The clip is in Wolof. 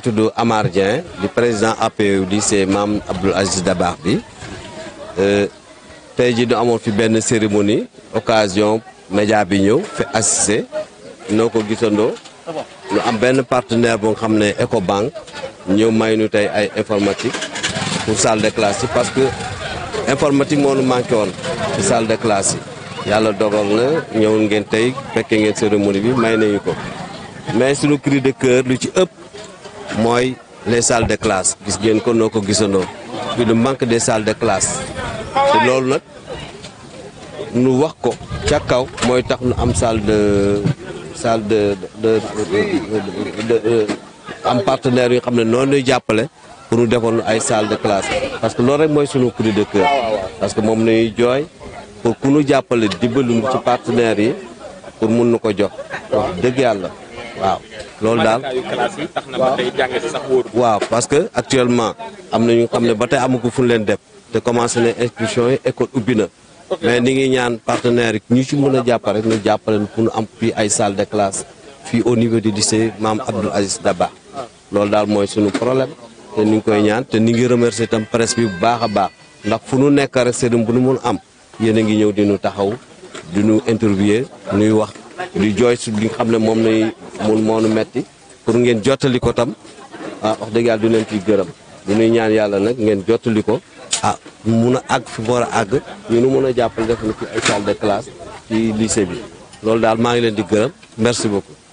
ngi tudd Amar président APU c'est Mame Abdul Aziz Dabakh Euh, tey jii ñu fi cérémonie occasion média bi fait assister, nous avons ko gisandoo am partenaire qui est l'EcoBank, nous avons may ay informatique pour salle de classe parce que informatique moo nu manqué woon salle de classe Nous avons dogal une ngeen cérémonie mais nous nañu ko mais suñu cri de cœur lu ci mooy les salles de classe gis ngeen ko noo ko gisandoo puis le manque des salle de classe te loolu nag nu wax ko ca kaw mooy tax nu am salle de salle de de de am partenaires yoo xam ne noonu lay jàppale pour nu defoon ay salle de classe parce que loolu rek mooy sunu cri de cœur parce que moom nañuy jooy pour ku nu jàppale dibalum ci partenaires yi pour mun nu ko jox dëgg yàlla waaw loolu daal waaw parce que actuellement am na ñu xam ne ba tey amu ko fu leen def te commencé na inscription yi école ubbi na mais ni ngi ñaan partenaire ñu ci mën a jàpp rek ñu jàppale pour ñu am fii ay salle de classe fii au niveau du lycée maam Abdoul Aziz Daba loolu daal mooy suñu problème te ni ngi koy ñaan te ni ngi remercier itam presse bi bu baax a baax ndax fu nu nekk rek sëriñ bu nu mun am yéen a ngi ñëw di nu taxaw di nu interviewer nuy wax di jooy su li nga xam ne moom lay mun nu metti pour ngeen jottali ko tam ah wax dëgg du leen ciy gërëm du ñuy ñaan yàlla nag ngeen jottali ko ah mun a àgg fu mu war a àgg ñu nu mun a jàppale def na ci ay salle de classe ci lycée bi loolu daal maa ngi leen di gërëm merci beaucoup